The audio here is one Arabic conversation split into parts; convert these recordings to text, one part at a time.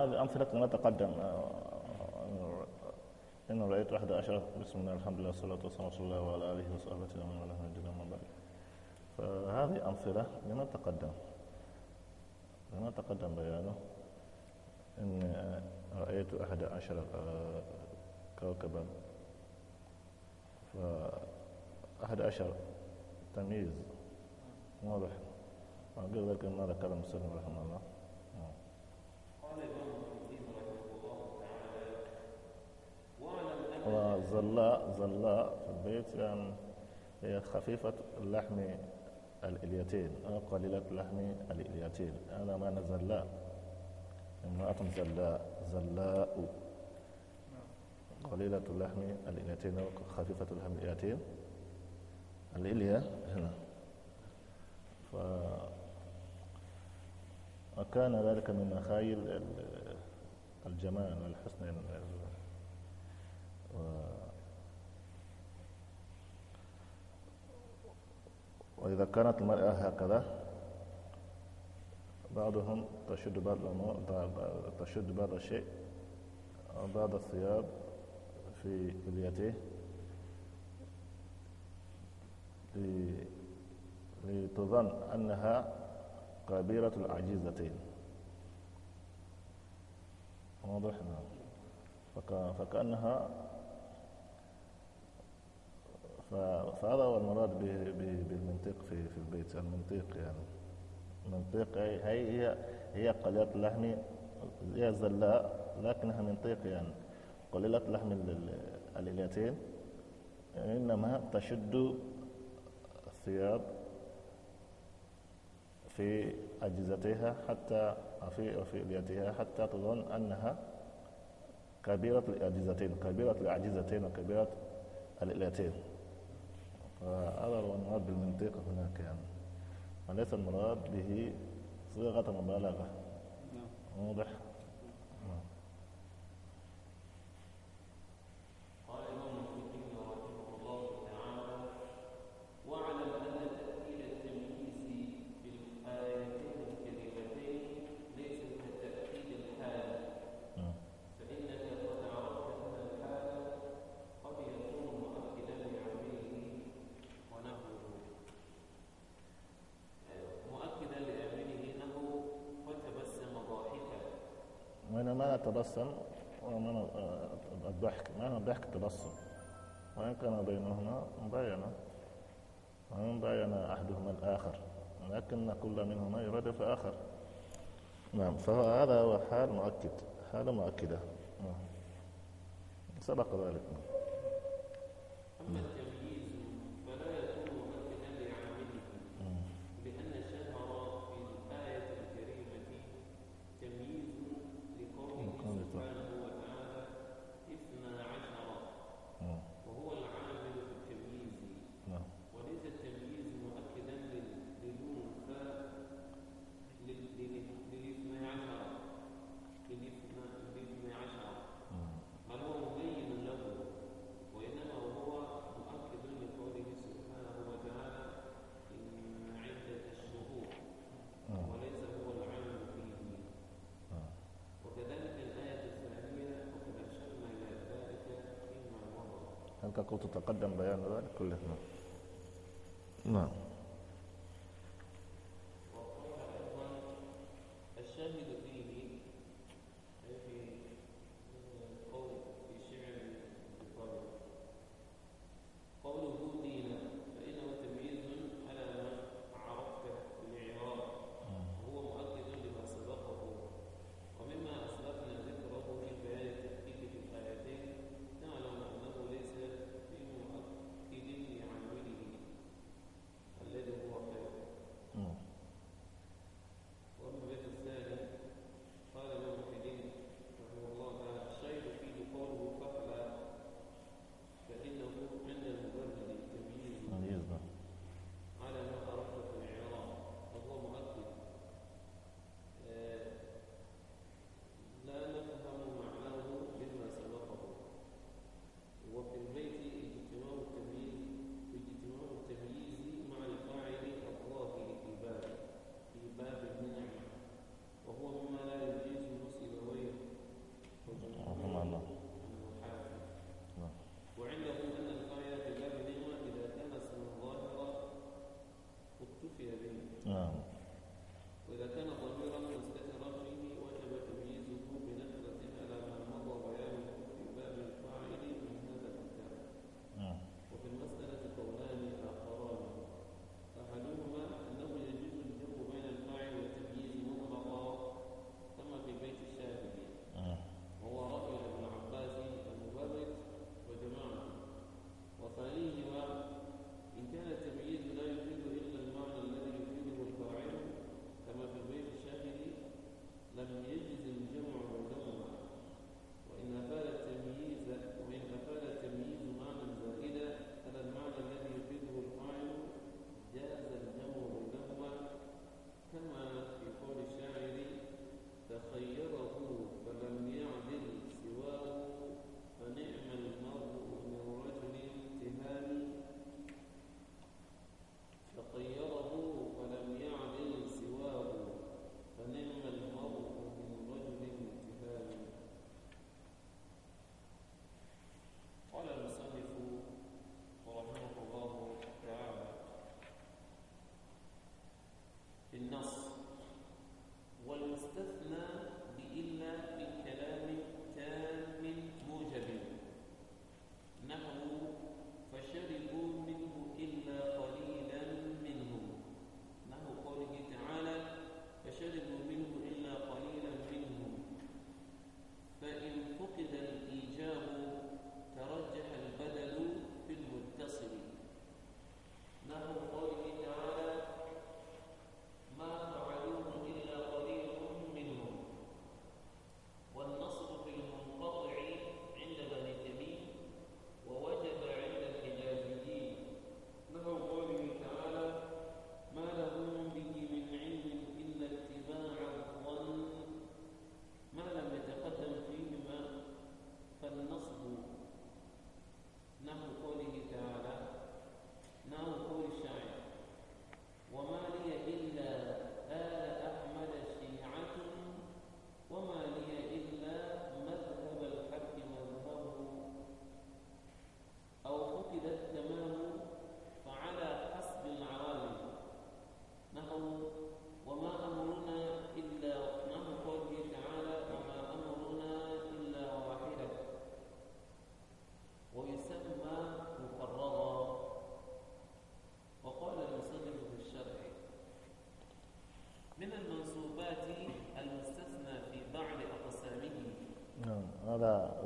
هذه أمثلة ما تقدم آه، آه، آه، إن رأيت أحد عشر بسم الله الحمد لله والصلاة والسلام على رسول الله وعلى آله وصحبه ومن والاه من جل من بعد فهذه أمثلة لما تقدم لما تقدم بيانه إن رأيت أحد عشر كوكبا فأحد عشر تمييز واضح وقبل ذلك ما ذكر المسلم رحمه الله زلاء زلاء في البيت يعني هي خفيفة اللحم الإليتين أو قليلة لحم الإليتين هذا معنى زلاء امرأة زلاء زلاء قليلة اللحم الإليتين أو خفيفة اللحم الإليتين الإلية هنا ف وكان ذلك من مخايل الجمال والحسن إذا كانت المرأة هكذا بعضهم تشد بعض تشد بعض الشيء بعض الثياب في كليته لتظن أنها كبيرة العجيزتين واضح نعم فكأنها فهذا هو المراد بالمنطق في في البيت المنطق يعني منطق هي هي هي قليلة اللحم هي زلاء لكنها منطق يعني قليلة لحم الإليتين إنما تشد الثياب في أجهزتها حتى في في إليتها حتى تظن أنها كبيرة الأجهزتين كبيرة الأجهزتين وكبيرة الإليتين فهذا هو المراد بالمنطقة هناك يعني وليس المراد به صيغة مبالغة نعم. واضح تبسم ومن الضحك معنى الضحك تبسم وإن كان بينهما مباينة وإن باين أحدهما الآخر لكن كل منهما يرادف آخر نعم فهذا هو حال مؤكد حال مؤكدة نعم. سبق ذلك نعم. كنت تقدم بيان ذلك كله نعم, نعم.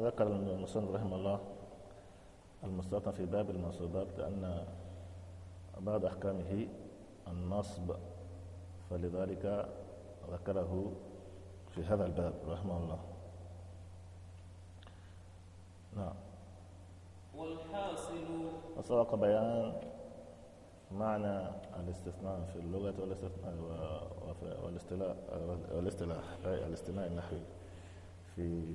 ذكر المصنف رحمه الله المستوطن في باب المنصوبات لأن بعض أحكامه النصب فلذلك ذكره في هذا الباب رحمه الله نعم والحاصل وسبق بيان معنى الاستثناء في اللغة والاستثناء والاستلاح الاستلاح الاستثناء النحوي في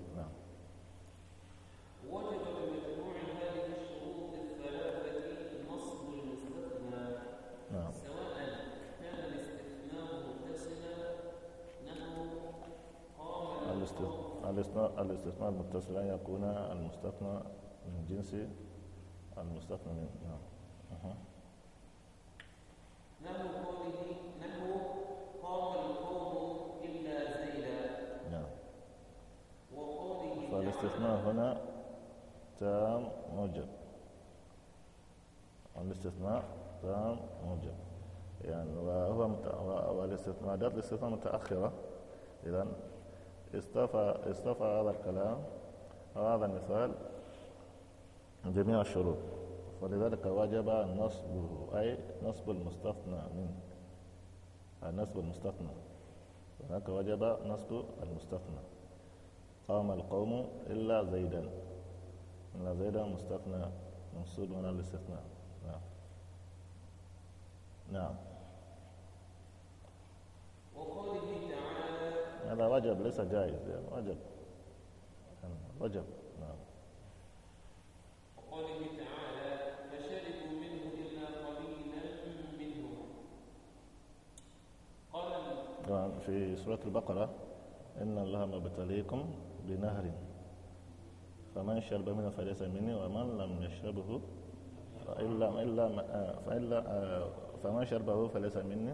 الاستثناء المتصل أن يكون المستثنى من جنس المستثنى من نعم أه. نحو قوله نحو قام القوم إلا زيدا نعم وقوله فالاستثناء هنا تام موجب الاستثناء تام موجب يعني وهو والاستثناء والاستثناء الاستثناء متأخرة إذا اصطفى اصطفى هذا الكلام هذا المثال جميع الشروط ولذلك وجب نصبه أي نصب المستثنى منه النصب المستثنى هناك وجب نصب المستثنى قام القوم إلا زيدا ان زيدا مستثنى منصوب من الاستثناء نعم نعم وقوله هذا وجب ليس جائز وجب وجب نعم وقوله تعالى فشربوا منه إلا قليلا منه قال نعم، في سورة البقرة إن الله مبتليكم بنهر فمن شرب منه فليس مني ومن لم يشربه فإلا, إلا فإلا آه، فمن شربه فليس مني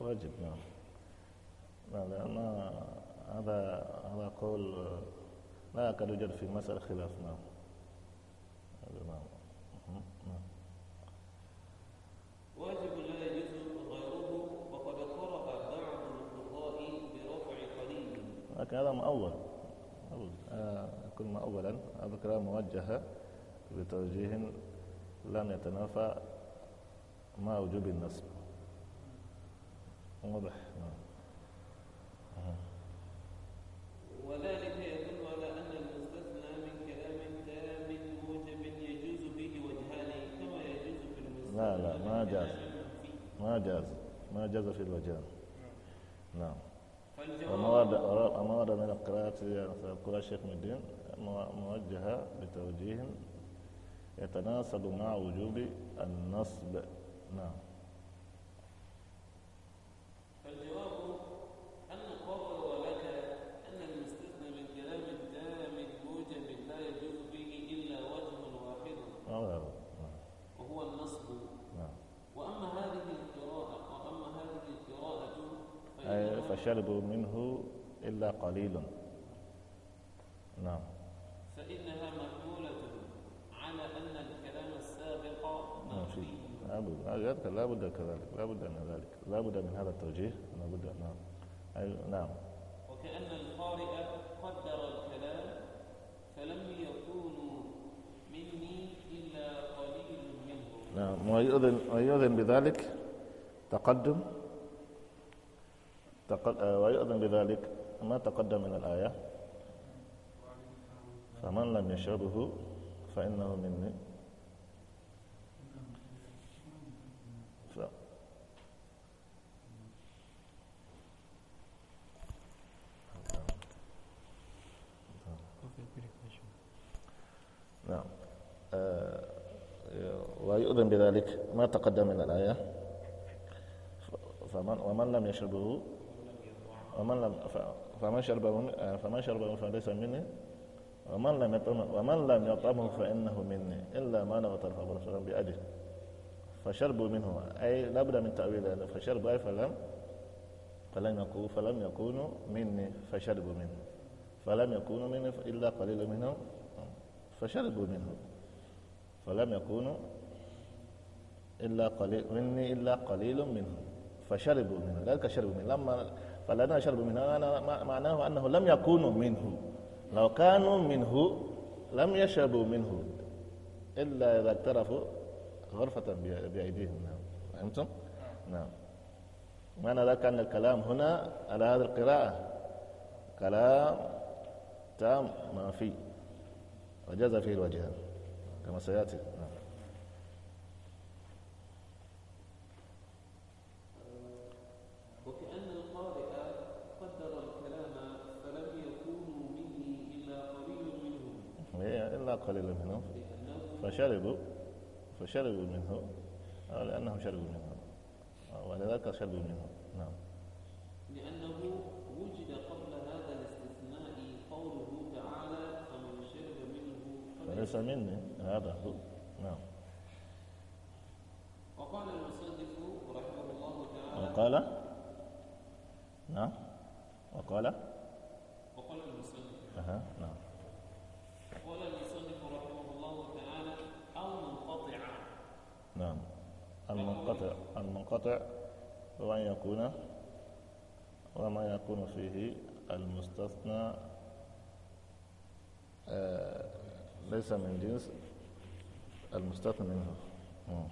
واجب نعم لا نعم، لأن هذا هذا قول لا يكاد يوجد في مسألة خلاف نعم, نعم. واجب لا يجوز غيره وقد قرب بعض الفقهاء برفع قليل لكن هذا مؤول يكون مؤولا هذا كلام موجه بتوجيه لم يتنافى مع وجوب النصب واضح وذلك يدل على أن المستثنى من كلام تام موجب يجوز به وجهان كما يجوز في المستثنى لا لا ما جاز ما جاز ما جاز في الوجهان نعم المواد المواد من القراءات يقول الشيخ الدين موجهة بتوجيه يتناسب مع وجوب النصب نعم فالجواب أن القول ولك أن المستثنى من كلام الدام موجب لا يجوز فيه إلا وجه واحد آه، آه، آه. وهو النصب وأما هذه القراءة وأما هذه القراءة فشربوا منه إلا قليل نعم أبدا لابد كذلك لابد من ذلك لابد من هذا التوجيه لابد نعم أيوة نعم وكأن القارئ قدر الكلام فلم يكونوا مني إلا قليل منهم نعم ويؤذن, ويؤذن بذلك تقدم آه، ويؤذن بذلك ما تقدم من الآية فمن لم يشربه فإنه مني يؤذن بذلك ما تقدم من الآية فمن ومن لم يشربه ومن لم فمن شربه فمن آه، شربه فليس مني ومن لم يطعمه ومن لم يطعمه فإنه مني إلا ما نغتر فأبو رسول بأجل فشربوا منه أي لابد من تأويل هذا فشربوا أي فلم فلم يكونوا فلم يكونوا مني فشربوا منه فلم يكونوا مني إلا قليل منهم فشربوا منه فلم يكونوا إلا قليل مني إلا قليل منهم فشربوا منه ذلك شربوا منه لما فالذين شربوا منه أنا معناه أنه لم يكونوا منه لو كانوا منه لم يشربوا منه إلا إذا اقترفوا غرفة بأيديهم نعم فهمتم؟ نعم معنى ذلك أن الكلام هنا على هذه القراءة كلام تام ما فيه وجاز فيه الوجهان كما سيأتي نعم قليلا منه فشربوا فشربوا منه آه، لأنهم شربوا منه آه، ولذلك شربوا منه نعم لأنه وجد قبل هذا الاستثناء قوله تعالى فمن شرب منه فليس مني هذا هو نعم وقال المصنف رحمه الله تعالى وقال نعم وقال وقال المصنف أه. نعم قال نعم المنقطع المنقطع وأن يكون وما يكون فيه المستثنى آه ليس من جنس المستثنى منه نعم.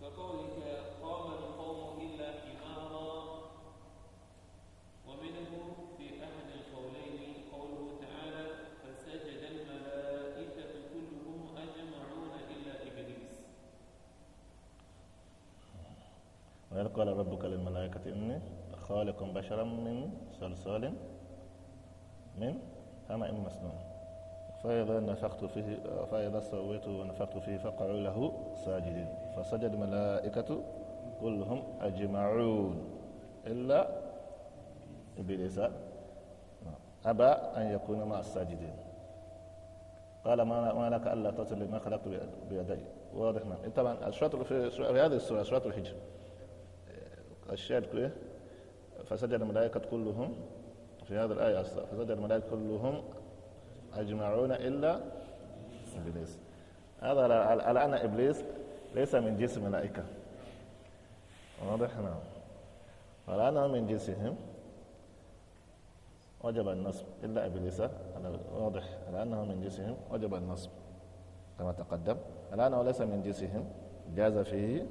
كقولك وإذ قال ربك للملائكة إني خالق بشرا من صلصال من حمأ مسنون فإذا نفخت فيه فإذا سويته ونفخت فيه فقعوا له ساجدين فسجد الملائكة كلهم أجمعون إلا إبليس أبى أن يكون مع الساجدين قال ما لك ألا تصل لما خلقت بيدي واضح نعم طبعا في هذه السورة سورة الحجر الشاهد كله إيه؟ فسجد الملائكة كلهم في هذا الآية أصلا فسجد الملائكة كلهم أجمعون إلا إبليس هذا على أن إبليس ليس من جنس الملائكة واضح نعم فلأنه من جنسهم وجب النصب إلا إبليس واضح لأنه من جنسهم وجب النصب كما تقدم لأنه ليس من جنسهم جاز فيه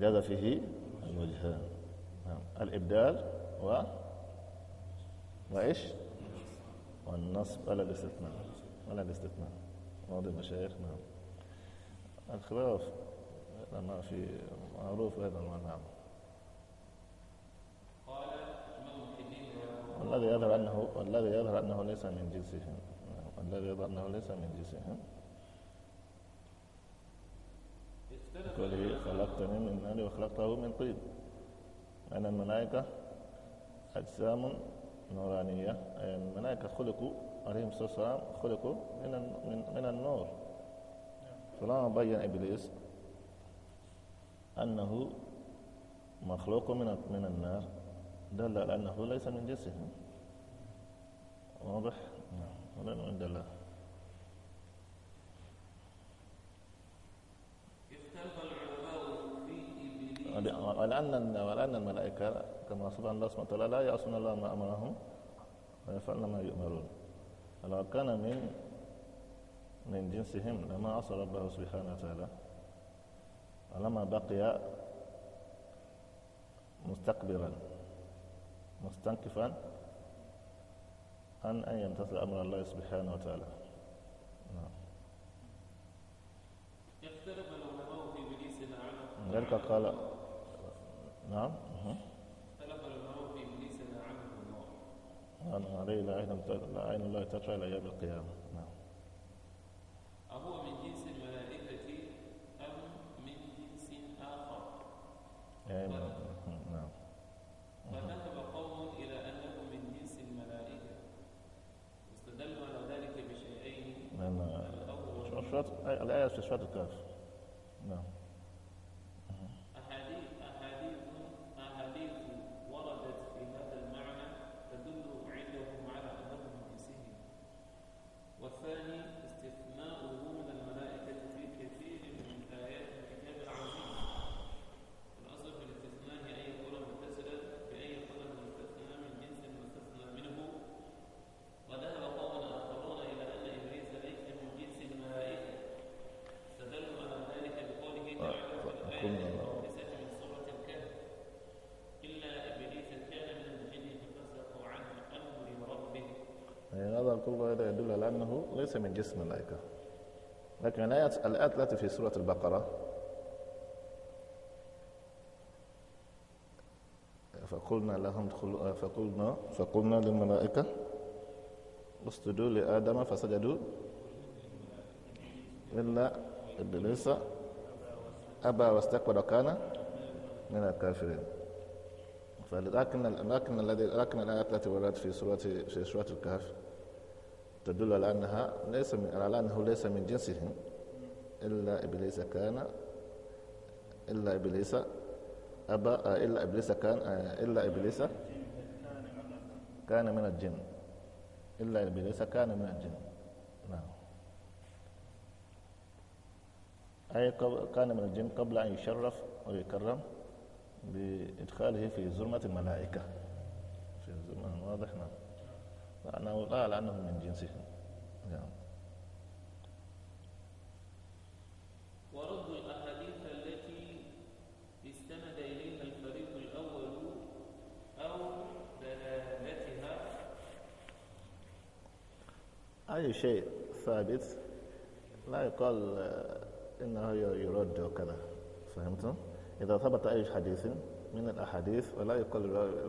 جاز فيه الوجهان نعم. الإبدال و وإيش والنصب ولا الاستثناء ولا الاستثناء واضح مشايخ نعم الخلاف ما في معروف هذا نعم والذي يظهر أنه والذي يظهر أنه ليس من جنسهم نعم. والذي يظهر أنه ليس من جنسهم قوله خلقتني من نار وخلقته من طين أن الملائكة أجسام نورانية الملائكة خلقوا عليهم الصلاة والسلام خلقوا من من النور فلما بين إبليس أنه مخلوق من من النار دل على أنه ليس من جنسهم واضح؟ نعم ولا من دلالة ولأن ولأن الملائكة كما سبحان الله سبحانه وتعالى لا يعصون الله ما أمرهم ويفعلون ما يؤمرون فلو كان من من جنسهم لما عصى ربه سبحانه وتعالى ولما بقي مستكبرا مستنكفا عن أن يمتثل أمر الله سبحانه وتعالى يختلف نعم. العلماء في ذلك قال نعم اختلف المرء في ابليس ما عمله نعم عليه لا عين لا عين الله ترجع الى ايام القيامه نعم اهو من جنس الملائكه ام من جنس اخر؟ نعم نعم فذهب قوم الى انه من جنس الملائكه واستدلوا على ذلك بشيئين نعم. الاول الايه في سوره الكهف ليس من جسم الملائكة لكن الآيات التي في سورة البقرة فقلنا لهم دخلوا فقلنا فقلنا للملائكة اسجدوا لآدم فسجدوا إلا إبليس أبى واستكبر وكان من الكافرين فلكن لكن الذي لكن الآيات التي وردت في سورة في سورة الكهف تدل على أنها ليس من على أنه ليس من جنسهم إلا إبليس كان إلا إبليس ابا آه، إلا إبليس كان آه، إلا إبليس كان من الجن إلا إبليس كان من الجن نعم أي كان من الجن قبل أن يشرف ويكرم بإدخاله في ظلمه الملائكة في زمرة واضح نعم لأنه لا لأنه من جنسهم نعم ورد الأحاديث التي استند إليها الفريق الأول أو دلالتها أي شيء ثابت لا يقال آه، إنه يرد وكذا فهمتم؟ إذا ثبت أي حديث من الأحاديث فلا يقال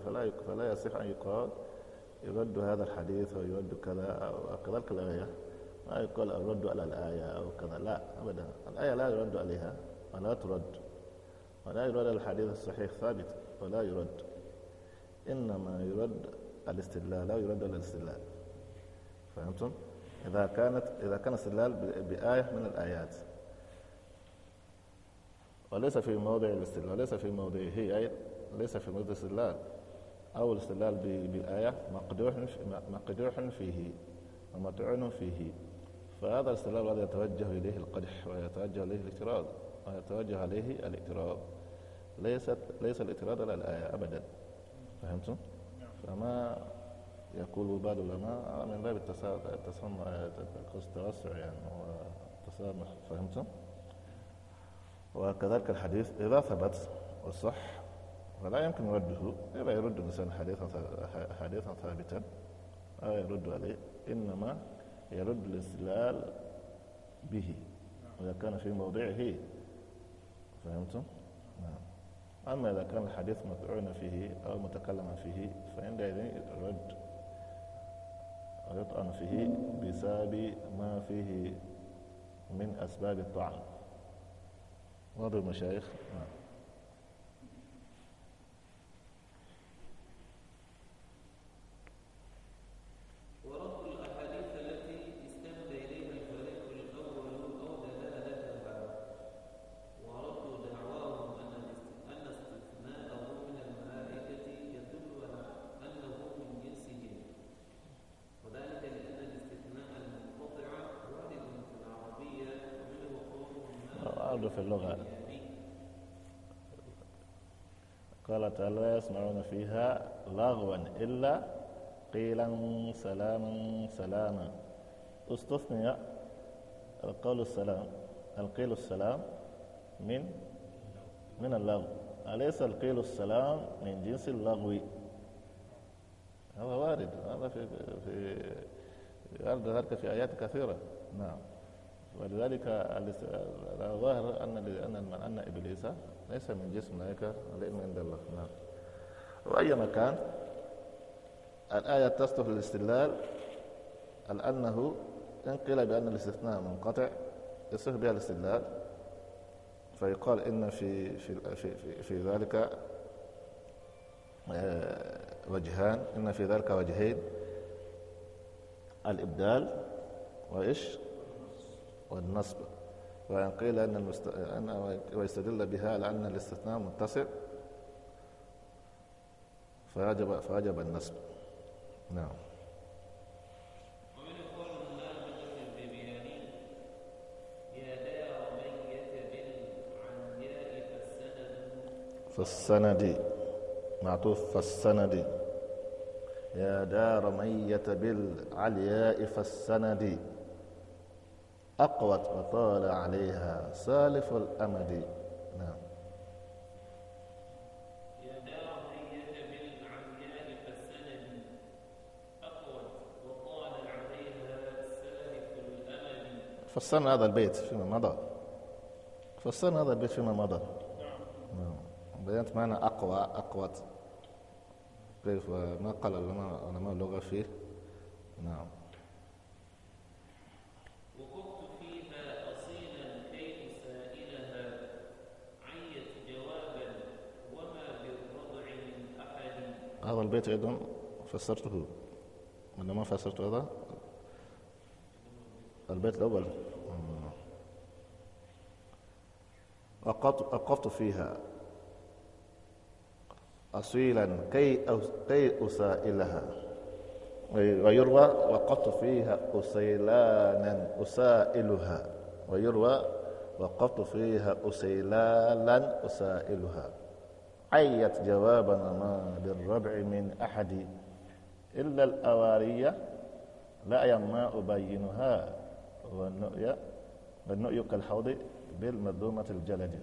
فلا يقال فلا يصح أن يقال يرد هذا الحديث أو يرد كذا أو كذلك الآية ما يقول الرد على الآية أو كذا لا أبدا الآية لا يرد عليها ولا ترد ولا يرد الحديث الصحيح ثابت ولا يرد إنما يرد الاستدلال لا يرد على الاستدلال فهمتم؟ إذا كانت إذا كان استدلال بآية من الآيات وليس في موضع الاستدلال وليس في موضعه هي ليس في موضع الاستدلال أو الاستدلال بالآية مقدوح مقدوح فيه ومطعون فيه فهذا الاستدلال الذي يتوجه إليه القدح ويتوجه إليه الاعتراض ويتوجه إليه الاعتراض ليست ليس الاعتراض على الآية أبدا فهمتم؟ نعم. فما يقول بعض العلماء آه، من باب التوسع يعني والتسامح فهمتم؟ وكذلك الحديث إذا ثبت وصح ولا يمكن رده لا يرد الإنسان حديثا حديثا ثابتا لا يرد عليه إنما يرد الاستدلال به إذا كان في موضعه فهمتم؟ نعم أما إذا كان الحديث مطعون فيه أو متكلما فيه فعندئذ يرد ويطعن فيه بسبب ما فيه من أسباب الطعن واضح المشايخ نعم قال تعالى لا يسمعون فيها لغوا إلا قيلا سلاما سلاما استثني القول السلام القيل السلام من من اللغو أليس القيل السلام من جنس اللغو هذا وارد هذا في في وارد ذلك في آيات كثيرة نعم ولذلك الظاهر أن أن أن إبليس ليس من جسم هيك من عند الله نعم وأي مكان الآية تصدر للاستدلال على أنه إن قيل بأن الاستثناء منقطع يصح بها الاستدلال فيقال إن في في في, في, في ذلك آه، وجهان إن في ذلك وجهين الإبدال وإيش والنصب وإن قيل أن, المست... أن ويستدل بها على أن الاستثناء متسع فوجب فوجب النسب نعم فالسند معطوف فالسند يا دار من يتبل بالعلياء فالسند أقوت وطال عليها سالف الأمد نعم فسرنا هذا البيت فيما مضى فسرنا هذا البيت فيما مضى نعم بيانت معنى أقوى أقوت كيف ما قال العلماء اللغة فيه نعم هذا البيت أيضا فسرته ولا ما فسرت هذا البيت الأول وقفت فيها أصيلا كي كي أسائلها ويروى وقفت فيها أسيلانا أسائلها ويروى وقفت فيها أسيلالا أسائلها حيت جوابا ما بالربع من أحد إلا الأوارية لا يما أبينها والنؤية والنؤية كالحوض بالمذومة الجلد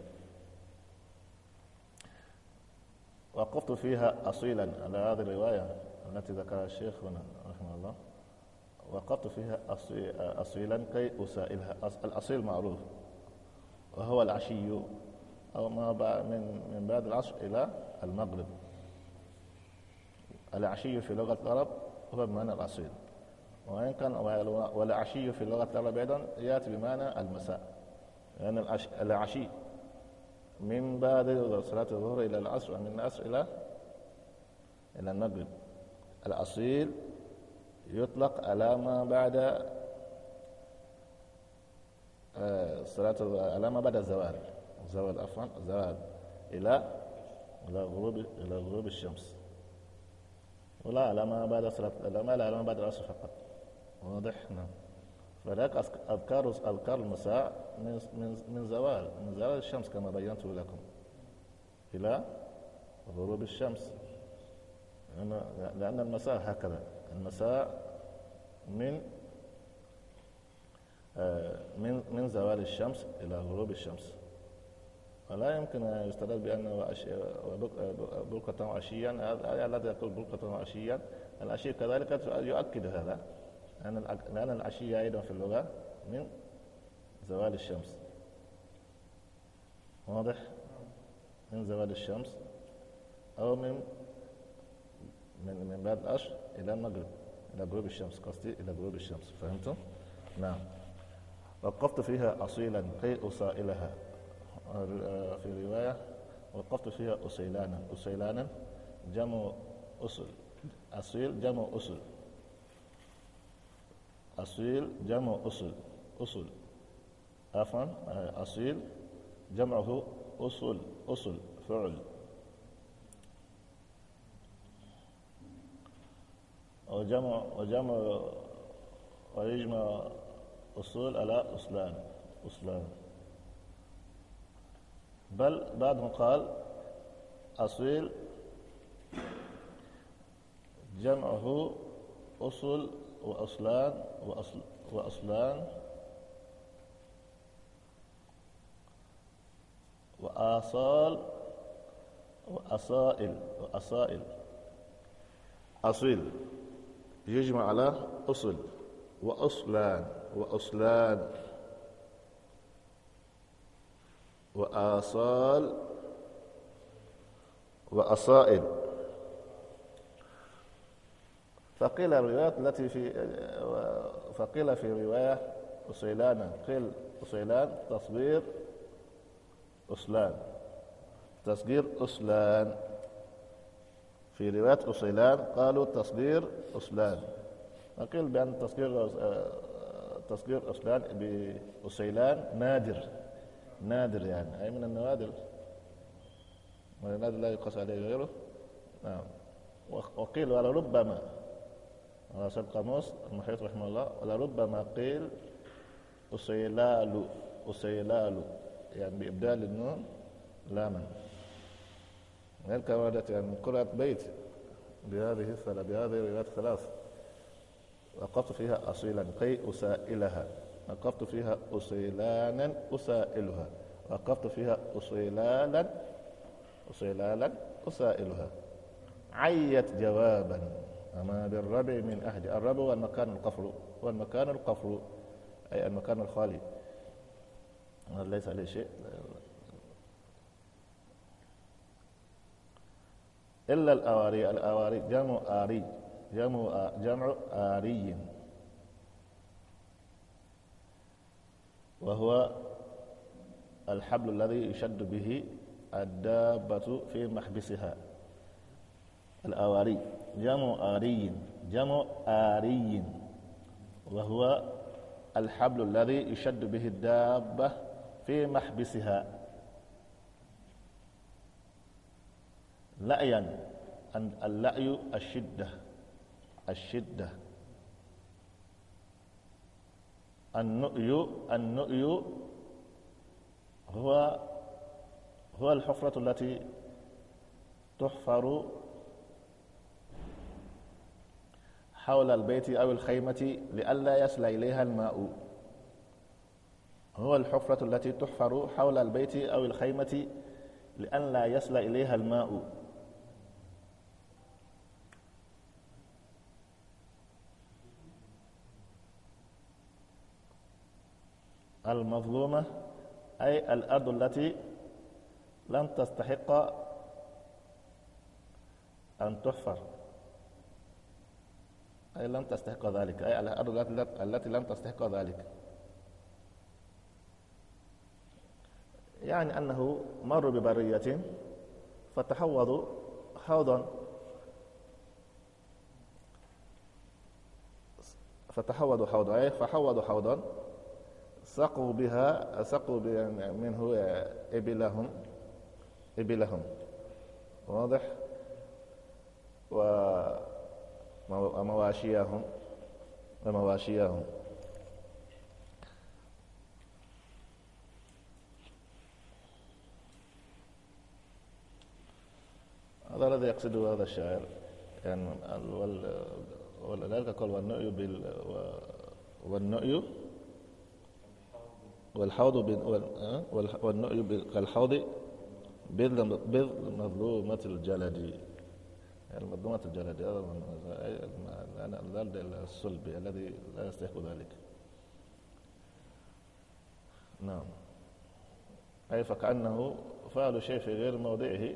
وقفت فيها أصيلا على هذه الرواية التي ذكرها الشيخ هنا رحمه الله وقفت فيها أصيلا كي أسائلها الأصيل معروف وهو العشي أو ما بعد من من بعد العصر إلى المغرب العشي في لغة العرب هو بمعنى الأصيل وإن كان والعشي في لغة العرب أيضا يأتي بمعنى المساء يعني العشي من بعد صلاة الظهر إلى العصر ومن العصر إلى إلى المغرب الأصيل يطلق على ما بعد آه، صلاة على ما بعد الزوال زوال عفوا زوال إلى إلى غروب إلى غروب الشمس ولا علامة بعد صلاة لا علامة بعد العصر فقط واضح نعم فذاك أذكار أذكار المساء من من من زوال من زوال الشمس كما بينته لكم إلى غروب الشمس لأن المساء هكذا المساء من آه، من من زوال الشمس إلى غروب الشمس فلا يمكن أن يستدل بأن بلقة وعشيا الذي يقول بلقة وعشيا العشي كذلك يؤكد هذا لأن العشية أيضا في اللغة من زوال الشمس واضح من زوال الشمس أو من من من بعد العصر إلى المغرب إلى غروب الشمس قصدي إلى غروب الشمس فهمتم؟ نعم وقفت فيها أصيلا كي اصائلها آه، في رواية وقفت فيها أسيلانا أسيلانا جمع أسل أصيل جمع أسل أصيل جمع أسل أسل عفوا آه، أصيل جمعه أصل أصل فعل وجمع وجمع ويجمع أصول على أصلان أصلان بل بعدهم قال أصيل جمعه أصل وأصلان وأصل وأصلان وآصال وأصائل وأصائل أصيل يجمع على أصل وأصلان وأصلان وآصال وأصائل فقيل الروايات التي في فقيل في رواية أصيلانا قيل أصيلان تصغير أصلان تصغير أصلان في رواية أصيلان قالوا تصغير أصلان وقيل بأن تصغير تصغير أصلان بأصيلان نادر نادر يعني أي من النوادر والنادر لا يقاس عليه غيره نعم وقيل ولربما على سبيل قاموس المحيط رحمه الله ولربما قيل أسيلال أسيلال يعني بإبدال النون لاما غير كما يعني قرأت بيت بهذه بهذه الروايات الثلاث وقفت فيها أصيلا كي أسائلها وقفت فيها أصيلانا أسائلها وقفت فيها أصيلالا أصيلالا أسائلها عيت جوابا أما بالربع من أهل الربع والمكان القفر والمكان القفر أي المكان الخالي ليس عليه شيء إلا الأواري الأواري جمع آري جمع جمع آري وهو الحبل الذي يشد به الدابة في محبسها الأواري جمع آري جمع آري وهو الحبل الذي يشد به الدابة في محبسها لأيا اللأي الشدة الشدة النؤي النؤي هو هو الحفرة التي تحفر حول البيت أو الخيمة لئلا يصل إليها الماء هو الحفرة التي تحفر حول البيت أو الخيمة لئلا يصل إليها الماء المظلومة أي الأرض التي لم تستحق أن تحفر أي لم تستحق ذلك أي الأرض التي لم تستحق ذلك يعني أنه مروا ببرية فتحوضوا حوضا فتحوضوا حوضا أي فحوضوا حوضا سقوا بها سقوا منه آه، إبلهم إبلهم واضح ومواشيهم ومواشيهم هذا الذي يقصده هذا الشاعر يعني ولذلك قال والنؤي بال والنؤي والحوض والنؤي كالحوض بذ مظلومة الجلد المظلومة يعني الجلد هذا الصلب الذي لا يستحق ذلك نعم أي فكأنه فعل شيء في غير موضعه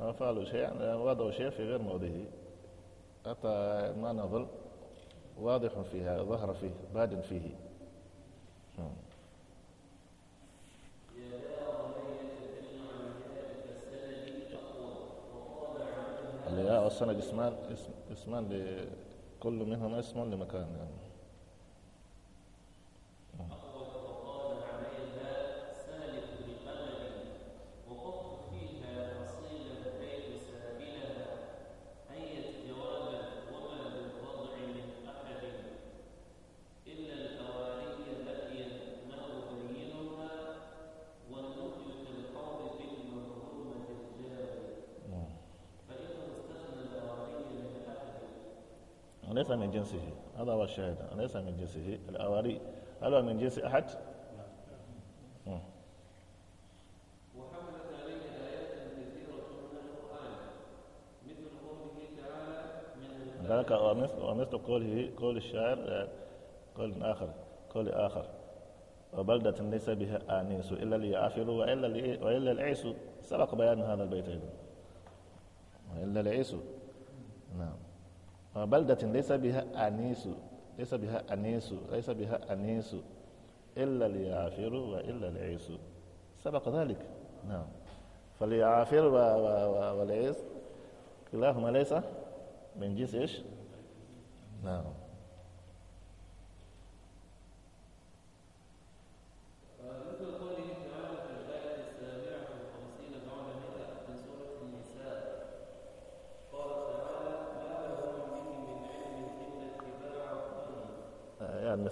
أو شيء يعني وضعوا شيء في غير موضعه حتى ما نظل واضح فيها ظهر فيه باد فيه نعم. يعني لياء والسند جسمان اسم اسمان لكل منهم اسم لمكان يعني. ليس من جنسه هذا هو الشاهد ليس من جنسه الأواري هل هو من جنس أحد؟ ذلك ومثل, ومثل قوله قول الشاعر قول آخر قول آخر وبلدة ليس بها آنيس إلا ليعافروا وإلا وإلا العيس سبق بيان هذا البيت أيضا وإلا العيس بلدة ليس بها أنيس ليس بها أنيس ليس بها أنيس إلا ليعافر وإلا العيس سبق ذلك نعم فليعافر والعيس كلاهما ليس من جنس إيش نعم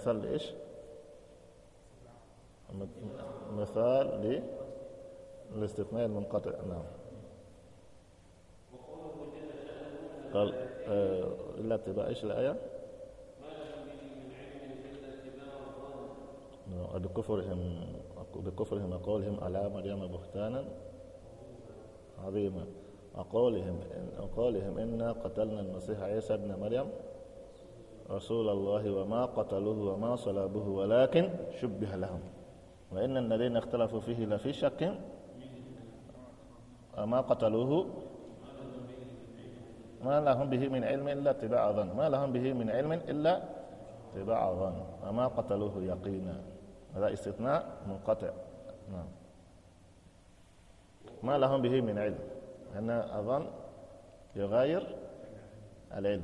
مثال لإيش مثال للاستثناء المنقطع نعم قال آه، إلا اتباع إيش الآية بكفرهم نعم، بكفرهم وقولهم على مريم بهتانا عظيما وقولهم وقولهم إنا قتلنا المسيح عيسى ابن مريم رسول الله وما قتلوه وما صلبوه ولكن شبه لهم وإن الذين اختلفوا فيه لفي شك وما قتلوه ما لهم به من علم إلا اتباع ظن ما لهم به من علم إلا اتباع ظن وما قتلوه يقينا هذا استثناء منقطع نعم ما لهم به من علم أن أظن يغاير العلم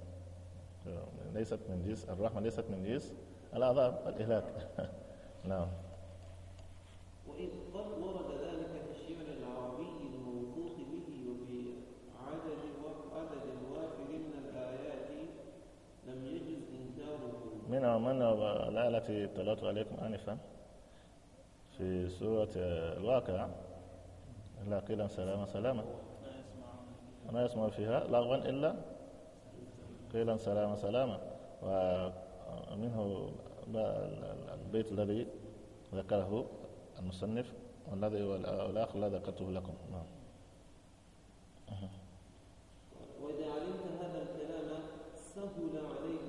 ليست من جنس الرحمة ليست من جنس العذاب الإهلاك نعم وإذ ورد ذلك في الشعر العربي الموثوق به وبعدد عدد وافر من الآيات لم يجز إنكاره من من الآية التي تلوت عليكم آنفا في سورة الواقع إلا قيلا سلاما سلاما وما يسمع فيها لغوا إلا قيلا سلاما سلاما ومنه البيت الذي ذكره المصنف والذي والآخر لا ذكرته لكم نعم وإذا علمت هذا الكلام سهل عليك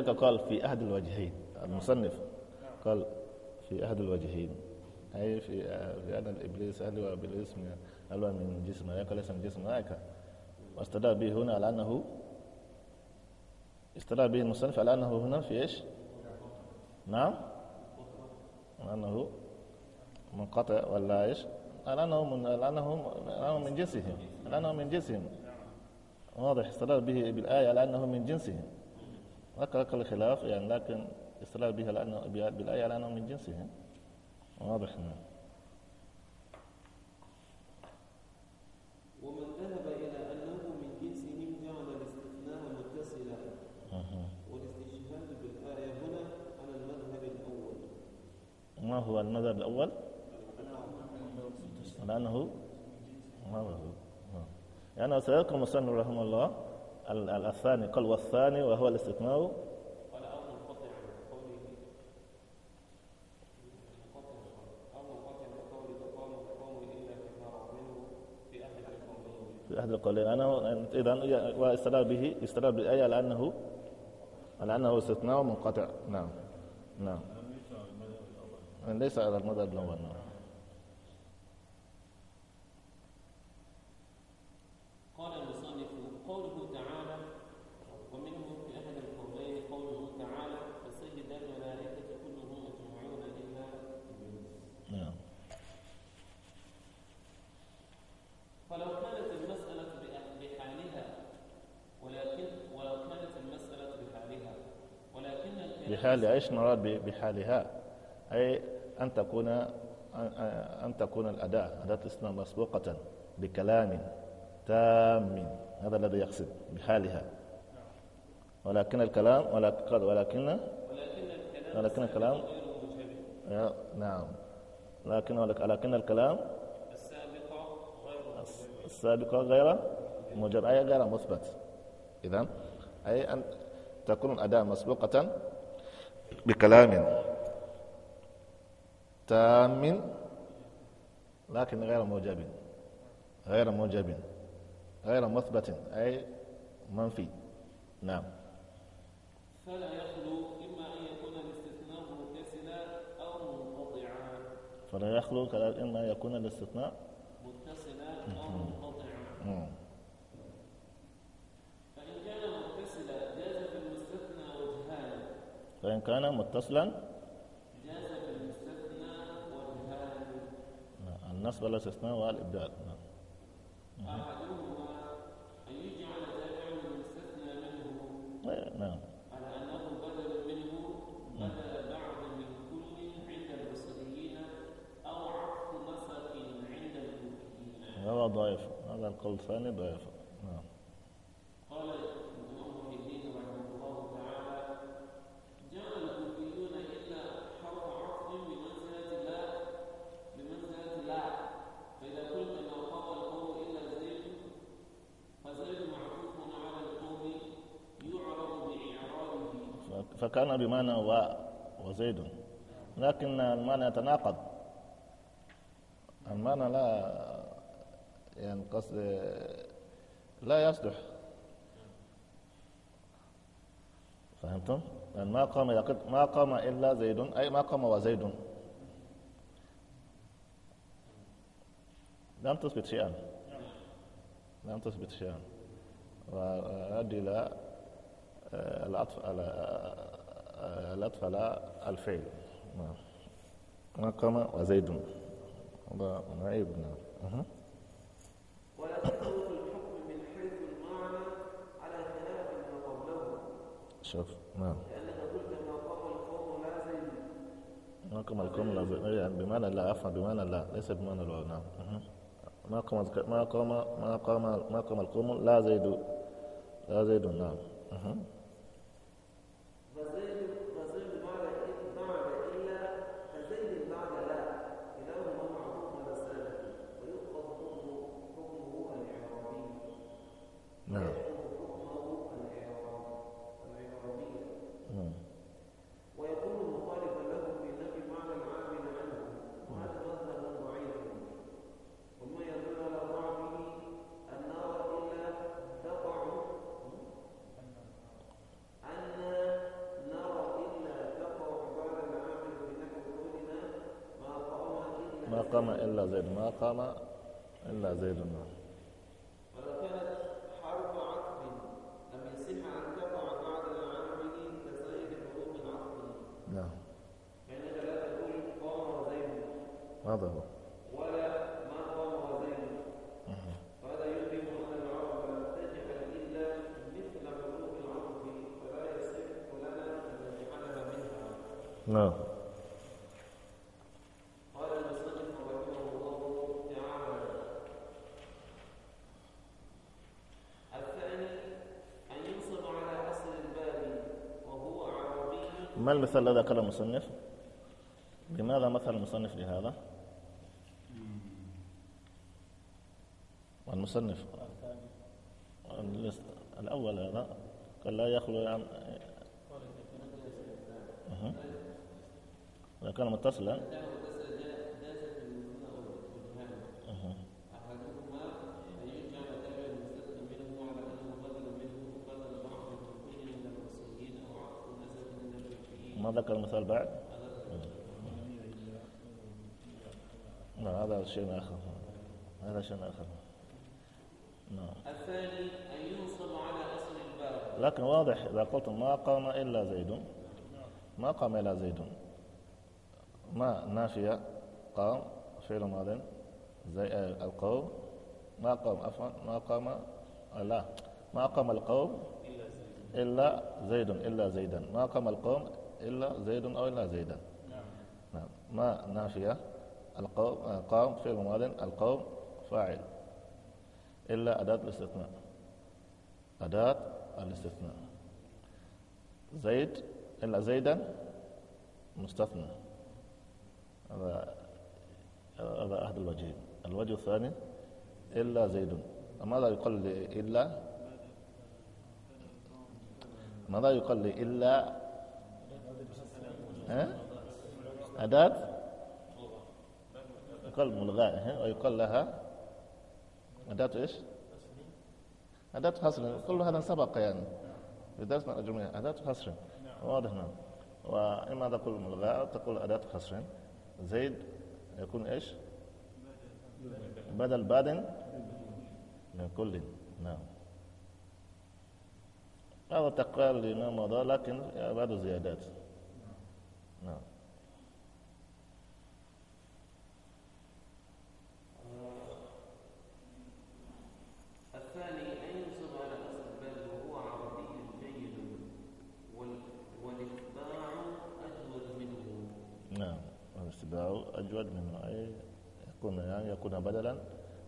ولذلك قال في أحد الوجهين المصنف قال في أحد الوجهين أي في آه، في أن الإبليس هو بالاسم ألوى من جسم أياك ليس من جسم أياك واستدل به هنا على أنه استدل به المصنف على أنه هنا في إيش؟ نعم على أنه منقطع ولا إيش؟ على أنه من على أنه على أنه من جنسهم على أنه من جنسهم واضح استدل به بالآية على أنه من جنسهم ذكرك الخلاف يعني لكن استدلال بها لأنه بالآية على أنه من جنسهم واضح هنا ومن ذهب إلى أنه من جنسهم جعل الاستثناء متصلا والاستشهاد بالآية هنا على المذهب الأول ما هو المذهب الأول؟ نعم. لأنه ما هو لأنه سيذكر مصنف رحمه الله الثاني قال والثاني وهو الاستثناء في أحد القولين أنا إذا واستدل به استدل بالآية على أنه على أنه استثناء منقطع نعم نعم ليس على المذهب الأول نعم هل يعيش نراد بحالها أي أن تكون أن تكون الأداة أداة الاستثناء مسبوقة بكلام تام هذا الذي يقصد بحالها ولكن الكلام ولكن ولكن ولكن الكلام نعم لكن ولكن الكلام السابقة غير مجرد أي غير مثبت إذا أي أن تكون الأداة مسبوقة بكلام تام لكن غير موجب غير موجب غير مثبت أي منفي نعم فلا يخلو إما أن يكون الاستثناء متصلا أو منقطعا فلا يخلو إما أن يكون الاستثناء فإن كان متصلا نعم، النصب على الاستثناء والإبدال نعم أن يجعل منه نعم على أنه بدل منه بدل من كل عند أو عند هذا ضعيف هذا القول الثاني ضعيف فكان بمعنى و وزيد لكن المعنى يتناقض المعنى لا يعني قصد لا يصلح فهمتم؟ لأن يعني ما قام يقد ما قام إلا زيد أي ما قام وزيد لم تثبت شيئا لم تثبت شيئا وأدي إلى آه، العطف على لا على الفيل نعم قام وزيد ونائب نعم ولا تدخل الحكم من حيث المعنى على خلاف ما قبله شوف نعم ما ناقم القوم لا إيه، يعني بمعنى لا عفوا بمعنى لا ليس بمعنى لا نعم ما قام ما قام ما قام ما قام القوم لا زيد لا زيد نعم قال المثال الذي ذكره المصنف لماذا مثل المصنف لهذا المصنف الأول هذا قال لا يخلو عن إذا كان متصلا ما ذكر مثال بعد لا هذا شيء آخر هذا شيء آخر نعم الثاني أن ينصب على أصل الباب لكن واضح إذا قلت ما قام إلا زيد ما قام إلا زيد ما نافية قام فعل ماض زي آه، القوم ما قام عفوا ما قام لا ما قام القوم إلا زيد إلا زيدا ما قام القوم إلا زيد أو إلا زيدا نعم نعم. ما نافية القوم قام فعل ماض القوم فاعل إلا أداة الاستثناء أداة الاستثناء زيد إلا زيدا مستثنى هذا هذا أحد الوجهين الوجه الثاني إلا زيد ماذا لي إلا ماذا لي إلا أداة يقال ملغاء ويقال لها أداة إيش أداة حصر كل هذا سبق يعني في درسنا الجمعية أداة حصر واضح نعم وإما تقول ملغاء تقول أداة حصر زيد يكون إيش بدل بادن من كل نعم هذا تقال لنا مضى لكن بعض الزيادات نعم الثاني بل عربي جيد والاتباع أجود منه نعم والاتباع أجود منه أي يكون يعني يكون بدلا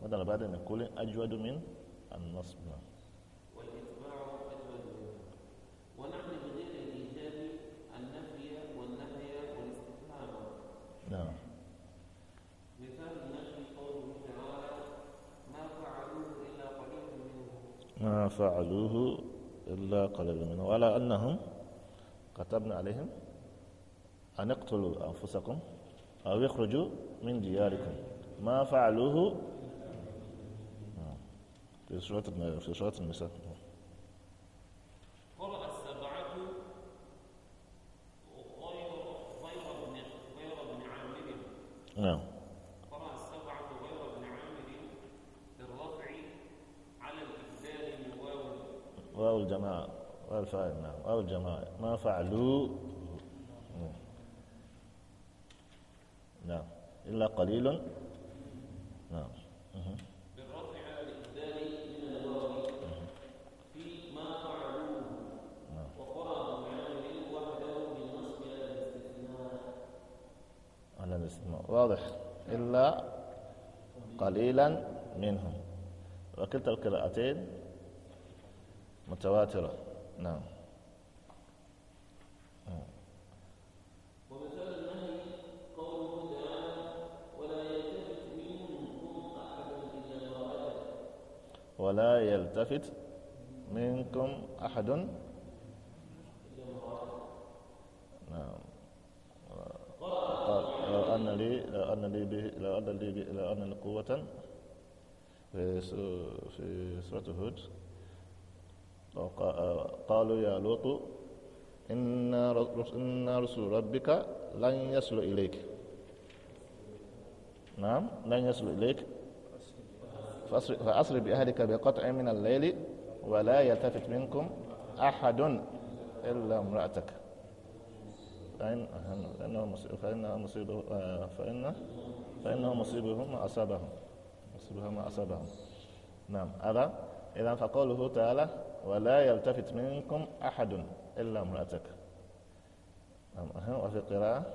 بدل بعد أن يكون أجود من النصب نعم فعلوه إلا قليل منهم ولا أنهم كتبنا عليهم أن اقتلوا أنفسكم أو يخرجوا من دياركم ما فعلوه آه. في سورة في سورة النساء والجماعة ما فعلوا نعم إلا قليل نعم بالرفع من فعلوه وقرأ وحده على الاستثناء على الاستثناء واضح إلا قليلا منهم وكلتا القراءتين متواترة نعم يلتفت منكم أحد نعم لو أن لي لو أن لي به لو أن لي به لو أن لي قوة في في سورة هود قالوا يا لوط إن رسول ربك لن يصل إليك نعم لن يصل إليك فأسر بأهلك بقطع من الليل ولا يلتفت منكم أحد إلا امرأتك فإن فإنه فإنه مصيبه فإن فإنه مصيبه ما أصابهم مصيبه ما أصابهم نعم هذا إذا فقوله تعالى ولا يلتفت منكم أحد إلا امرأتك نعم وفي قراءة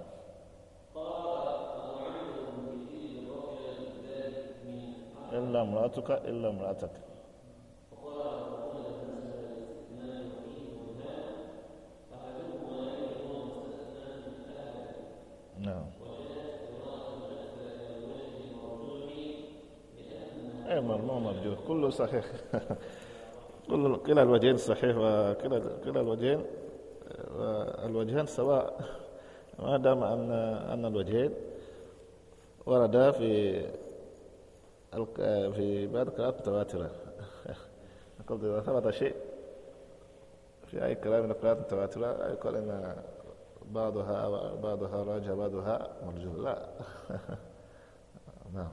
إلا امرأتك إلا امرأتك نعم اي مرموم مرجوح كله صحيح كل كلا الوجهين صحيح وكلا كلا الوجهين الوجهان سواء ما دام ان ان الوجهين ورد في آه، في بعض القراءات متواترة قلت إذا ثبت شيء في أي كلام من القراءات المتواترة يقول إن بعضها بعضها راجع بعضها مرجو لا نعم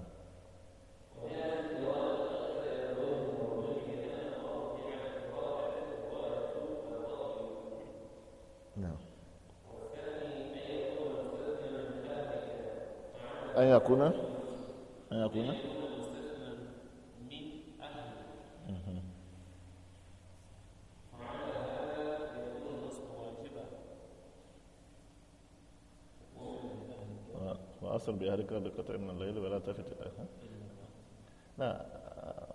نعم أن يكون أن يكون واصل بأهلك بقطع من الليل ولا تلفت إلى لا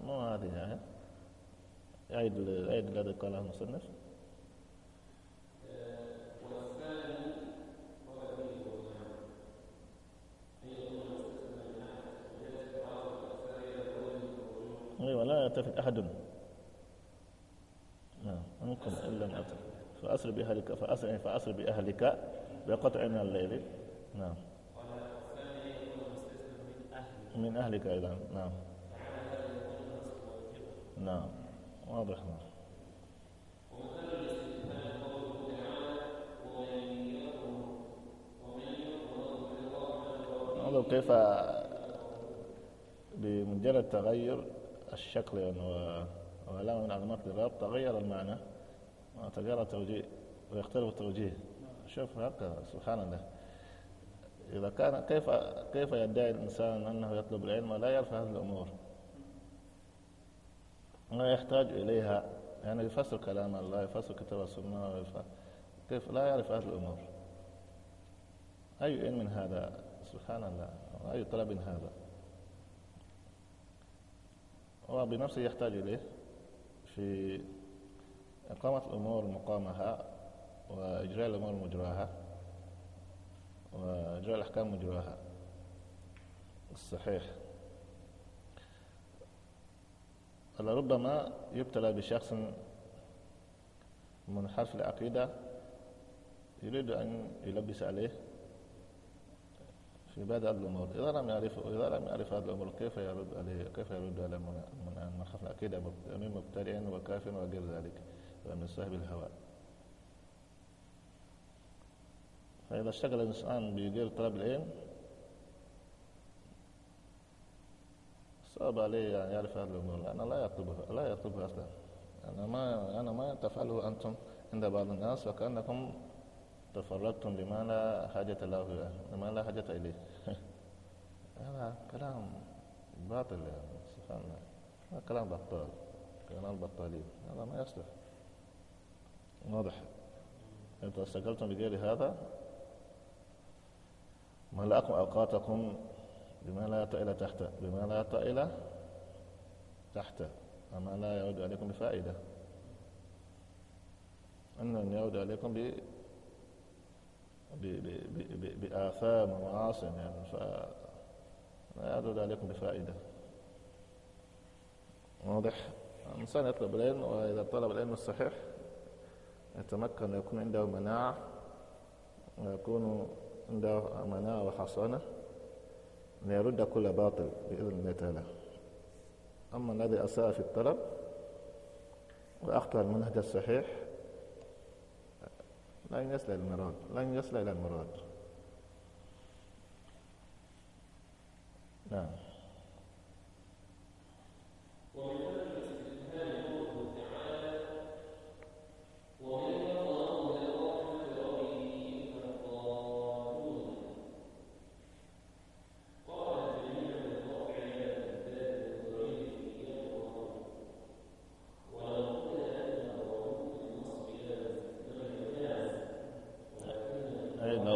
مو هذه الآية عيد العيد الذي قاله المصنف ايوه لا يلتفت احد نعم منكم الا لم اتى فاسر باهلك فاسر يعني فاسر باهلك بقطع من الليل نعم من أهلك أيضا نعم نعم واضح نعم انظر نعم. كيف بمجرد تغير الشكل يعني وعلامة من علامات الإعراب تغير المعنى وتغير التوجيه ويختلف التوجيه شوف هكذا سبحان الله إذا كان كيف كيف يدعي الإنسان أنه يطلب العلم ولا يعرف هذه الأمور؟ لا يحتاج إليها يعني يفسر كلام الله يفسر كتاب السنة كيف لا يعرف هذه الأمور؟ أي علم هذا؟ سبحان الله أي طلب هذا؟ هو بنفسه يحتاج إليه في إقامة الأمور مقامها وإجراء الأمور مجراها وجاء الأحكام وجواها الصحيح لربما يبتلى بشخص منحرف العقيدة يريد أن يلبس عليه في بعض الأمور إذا لم يعرف إذا لم يعرف هذه الأمور كيف يرد عليه كيف يرد على من منحرف العقيدة من مبتدع وكافر وغير ذلك ومن صاحب الهوى فإذا اشتغل الإنسان بغير طلب العلم صعب عليه يعني يعرف هذه الأمور لأنه لا يطلبها لا يطلبها أصلا أنا ما أنا ما تفعله أنتم عند بعض الناس وكأنكم تفرقتم لما لا حاجة له لما لا حاجة إليه هذا كلام باطل يعني سبحان الله هذا كلام بطال كلام بطالين هذا ما يصلح واضح إذا استقلتم بغير هذا ملأكم أوقاتكم بما لا طائل تحت بما لا طائل تحت أما لا يعود عليكم بفائدة أن لن يعود عليكم ب بآثام ومعاصم يعني ف لا يعود عليكم بفائدة واضح الإنسان يطلب العلم وإذا طلب العلم الصحيح يتمكن يكون عنده مناعة ويكون عنده مناعة وحصانة ليرد كل باطل بإذن الله تعالى أما الذي أساء في الطلب وأخطأ المنهج الصحيح لن يصل إلى المراد لن يصل إلى المراد نعم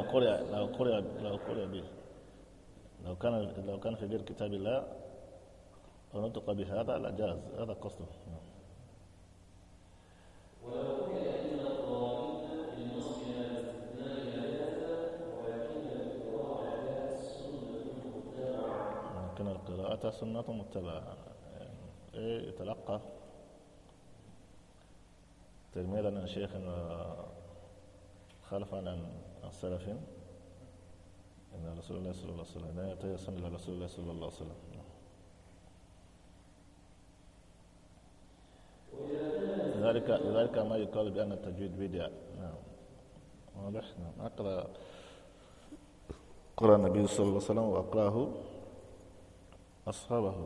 لو قرئ لو قرئ لو قرئ به لو كان لو كان في غير كتاب الله ونطق بهذا لجاز هذا قصده ولو القراءة سنة متبعة يعني يتلقى تلميذا عن شيخ خلفا عن السلف أن رسول الله صلى الله عليه وسلم لا يتيسر إلى رسول الله صلى الله عليه وسلم ذلك ذلك ما يقال بأن التجويد بدعة نعم واضح نعم أقرأ قرأ النبي صلى الله عليه وسلم وأقرأه أصحابه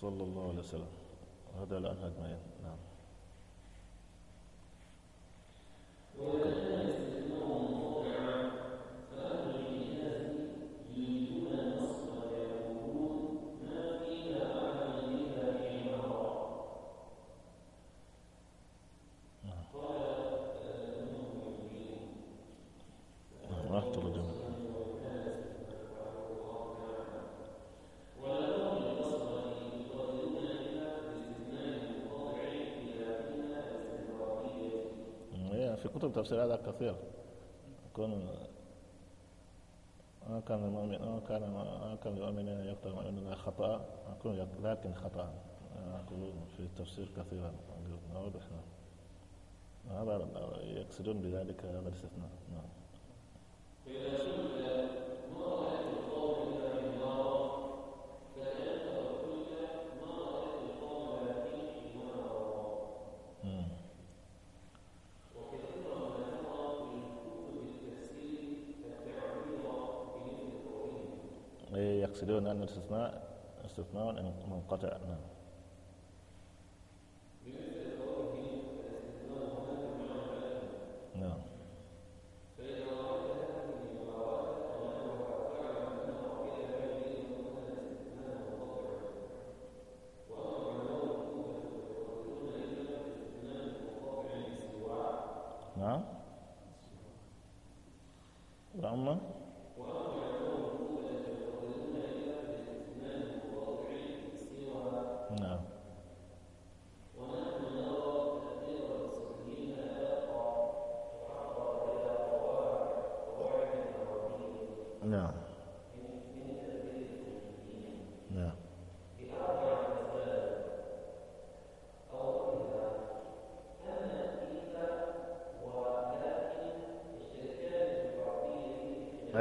صلى الله عليه وسلم هذا الآن أجمعين نعم تفسير هذا كثير يكون ما كان المؤمن ما كان ما كان المؤمنين يقتل مؤمنا خطأ يكون لكن خطأ يقولون في التفسير كثيرا واضح هذا يقصدون بذلك هذا الاستثناء نعم تم الاستثناء استثناء منقطع نعم نعم نعم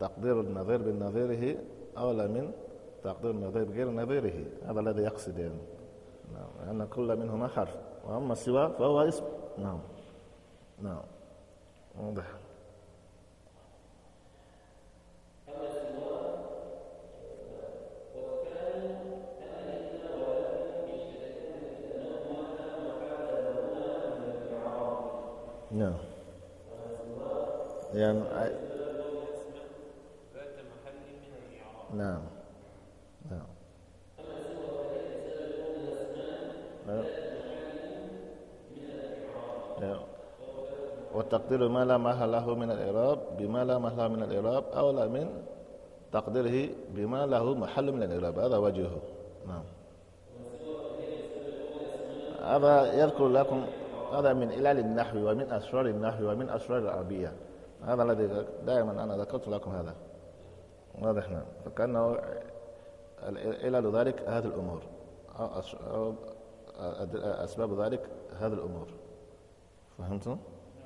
تقدير النظير بنظيره أولى من تقدير النظير بغير نظيره هذا الذي يقصد يعني نعم لأن كل منهما حرف وأما سواه فهو اسم نعم نعم واضح نعم يعني تقدير ما لا محل له من الإعراب بما لا محل من الإعراب أولى من تقديره بما له محل من الإعراب هذا وجهه نعم هذا يذكر لكم هذا من علل النحو ومن أسرار النحو ومن أسرار العربية هذا الذي دائما أنا ذكرت لكم هذا واضح نعم فكأنه علل ذلك هذه الأمور أو أسباب ذلك هذه الأمور فهمتم؟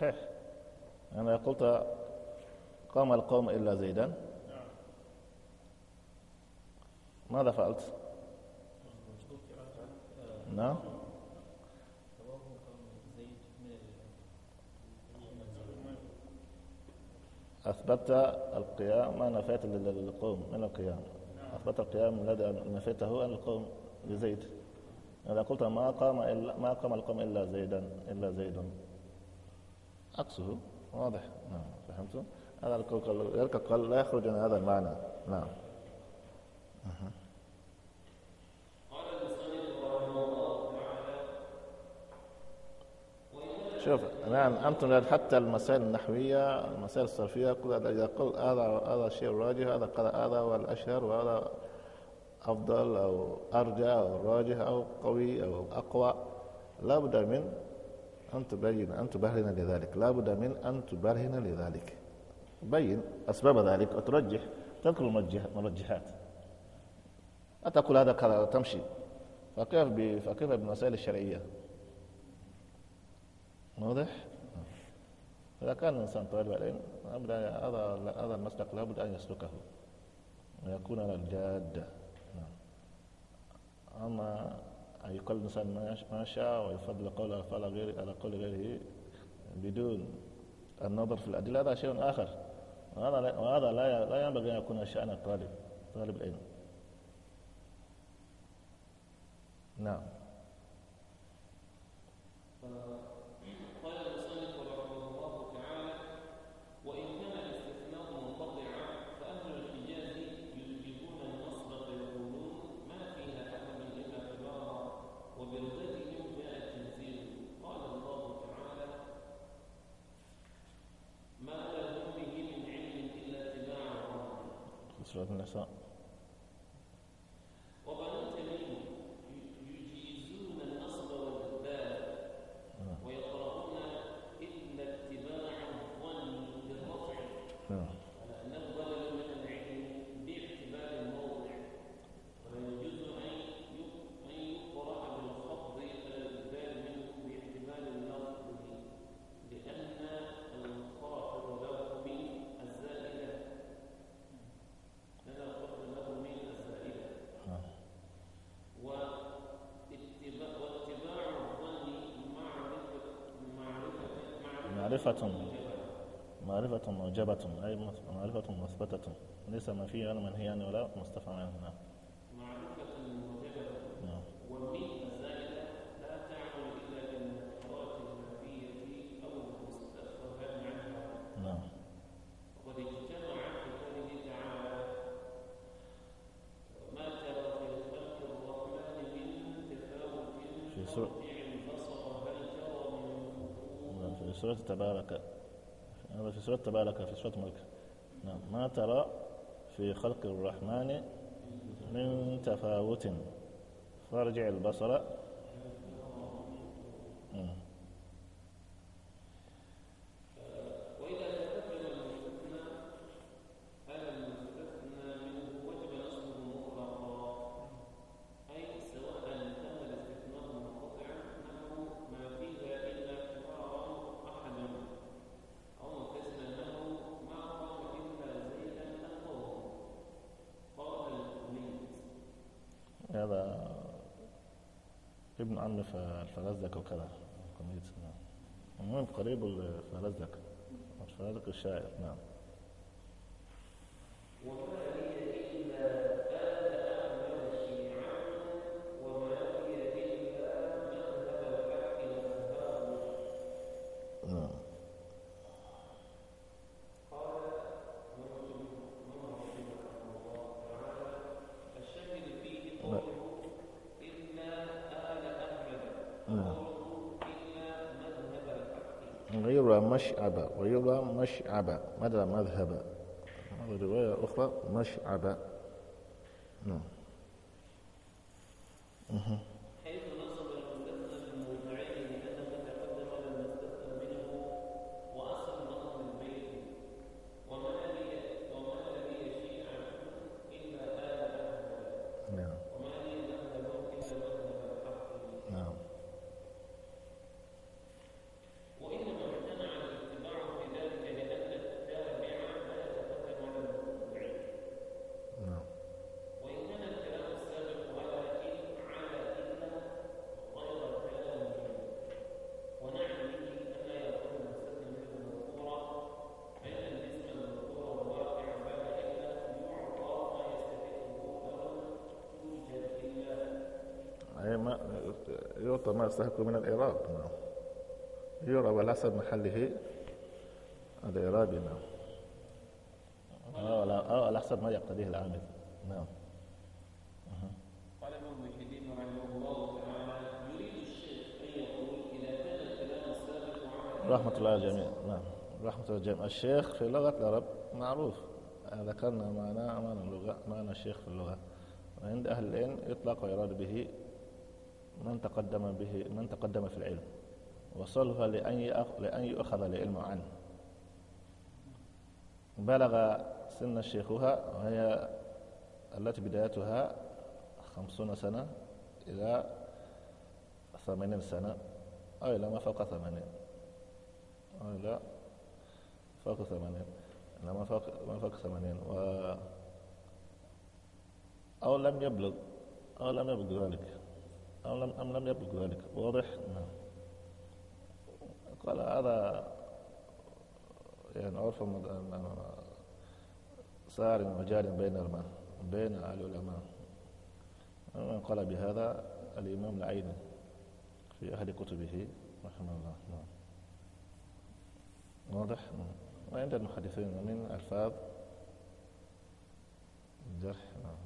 صحيح أنا قلت قام القوم إلا زيدا ماذا فعلت نعم أثبت القيام ما نفيت للقوم من القيام أثبت القيام الذي نفيته أن القوم لزيد إذا قلت ما قام إلا ما قام القوم إلا زيدا إلا زيد عكسه واضح نعم فهمتم هذا الكوكب لا يخرج من هذا المعنى نعم شوف الان انتم حتى المسائل النحويه المسائل الصرفيه كل اذا قلت هذا هذا شيء الراجح هذا قال هذا هو الاشهر وهذا افضل او ارجى او راجح او قوي او اقوى لابد من أن تبين أن تبرهن لذلك لا بد من أن تبرهن لذلك بين أسباب ذلك وترجح تذكر المرجحات لا تقول هذا كذا تمشي فكيف فكيف بالمسائل الشرعية واضح؟ إذا كان الإنسان طالب العلم هذا هذا المسلك لابد أن يسلكه ويكون على الجادة نعم. أما أن يقول الإنسان ما شاء ويفضل قوله فعلى غير على قول غيره بدون النظر في الأدلة هذا شيء آخر وهذا لا لا ينبغي أن يكون شأن الطالب طالب العلم نعم معرفة معرفة موجبة أي معرفة مثبتة ليس ما فيه من هي يعني ولا مستفى عنه تبارك هذا في سورة تبارك في سورة ملك نعم ما ترى في خلق الرحمن من تفاوت فارجع البصر ابن عم الفرزدق وكذا نعم. المهم قريب الفرزدق الفلزدك الشاعر نعم مشعب ماذا مذهب رواية أخرى مشعب نفسه من الإعراب نعم يرى والأسد محله الإعراب نعم أو على حسب ما يقتضيه العامل نعم رحمه الله تعالى يريد الشيخ أن يقول رحمة الله الجميع نعم رحمة الله الجميع الشيخ في لغة العرب معروف ذكرنا معناه معنى اللغة معنى الشيخ في اللغة وعند أهل العلم يطلق ويراد به من تقدم به من تقدم في العلم وصلها لأن لأن يؤخذ العلم عنه بلغ سن شيخها وهي التي بدايتها خمسون سنة إلى ثمانين سنة أو إلى ما فوق ثمانين أو إلى فوق ثمانين إلى ما فوق ما فوق ثمانين و أو لم يبلغ أو لم يبلغ ذلك أم لم, أم لم يبلغ ذلك واضح نعم قال هذا يعني عرف سار وجار بين الماء بين العلماء من قال بهذا الإمام العيني في أهل كتبه رحمه الله نعم واضح نعم. وعند المحدثين من ألفاظ الجرح نعم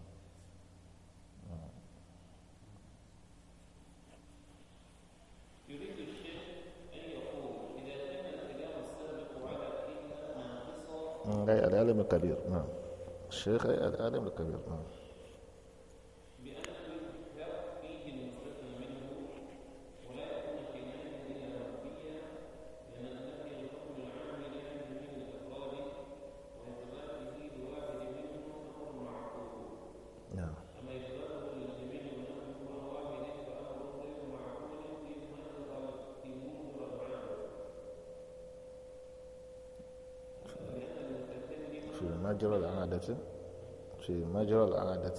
غير العالم الكبير نعم الشيخ العالم الكبير نعم أجر العادة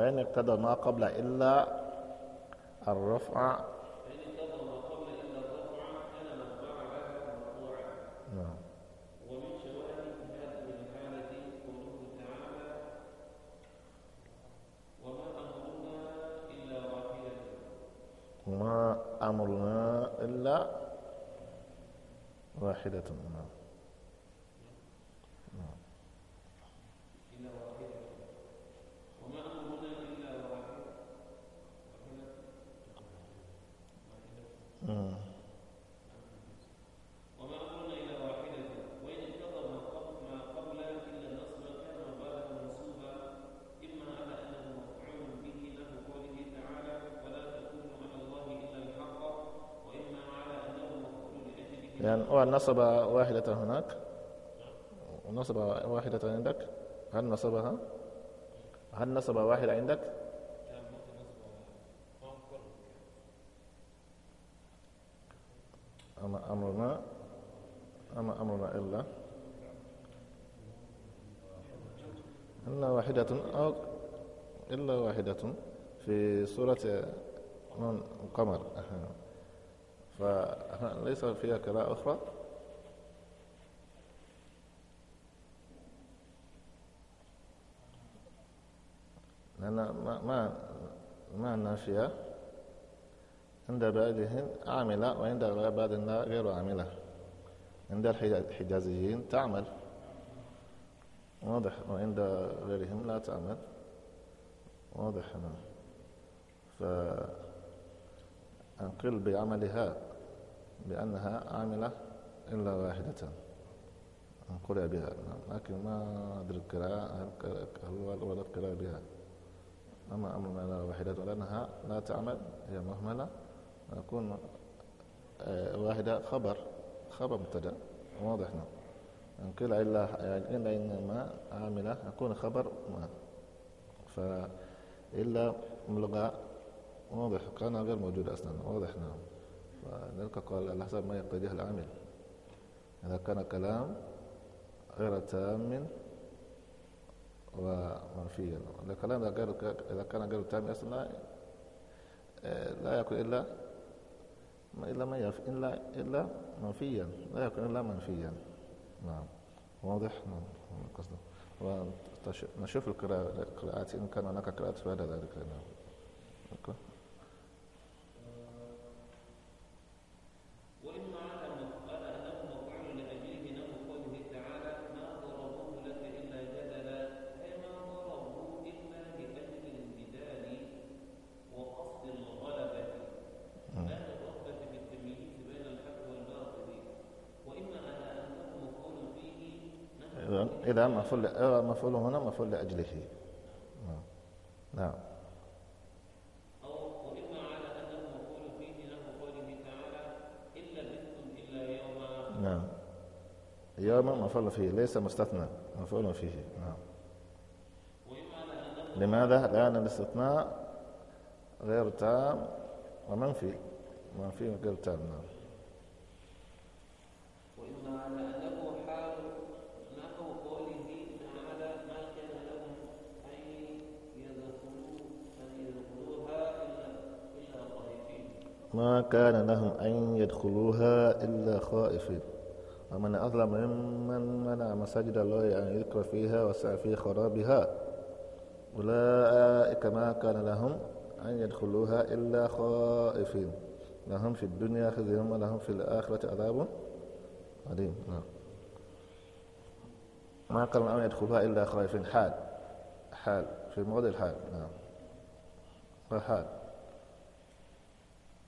فإن اقتضى ما قبل إلا الرفع نعم ومن هذه الحالة قوله تعالى وما أمرنا إلا واحدة وما أمرنا إلا واحدة نصب واحدة هناك ونصب واحدة عندك هل نصبها؟ هل نصب واحدة عندك؟ أما أمرنا أما أمرنا إلا إلا واحدة أو إلا واحدة في سورة القمر فليس فيها كلا أخرى لأن ما ما النافية عند بعضهم عاملة وعند بعض غير عاملة عند الحجازيين تعمل واضح وعند غيرهم لا تعمل واضح هنا فأنقل بعملها بأنها عاملة إلا واحدة أنقل بها لكن ما أدرك هل ولد قراء بها أما أمرنا لا واحدة لأنها لا تعمل هي مهملة ونكون آه، واحدة خبر خبر مبتدأ واضح نعم إن قيل إلا يعني إلا إنما عاملة أكون خبر ما فإلا ملغى واضح كان غير موجود أصلا واضح نعم فذلك قال على حسب ما يقتضيه العامل إذا كان كلام غير تام ومنفيا الكلام إذا كان غير تام أصلا آه، لا يكون إلا ما إلا ما يف إلا إلا منفيا لا يكون إلا منفيا نعم واضح نعم قصده ونشوف القراءات إن كان هناك قراءات بعد ذلك نعم مفعول آه، مفعول هنا مفعول لأجله آه. نعم نعم نعم يوم مفعول فيه ليس مستثنى مفعول فيه نعم لماذا؟ لأن الاستثناء غير تام ومنفي منفي غير تام نعم ما كان لهم أن يدخلوها إلا خائفين ومن أظلم ممن منع مساجد الله أن يذكر فيها وسعى في خرابها أولئك ما كان لهم أن يدخلوها إلا خائفين لهم في الدنيا خزي ولهم في الآخرة عذاب عظيم نعم. ما كان لهم أن يدخلوها إلا خائفين حال حال في موضع الحال نعم وحال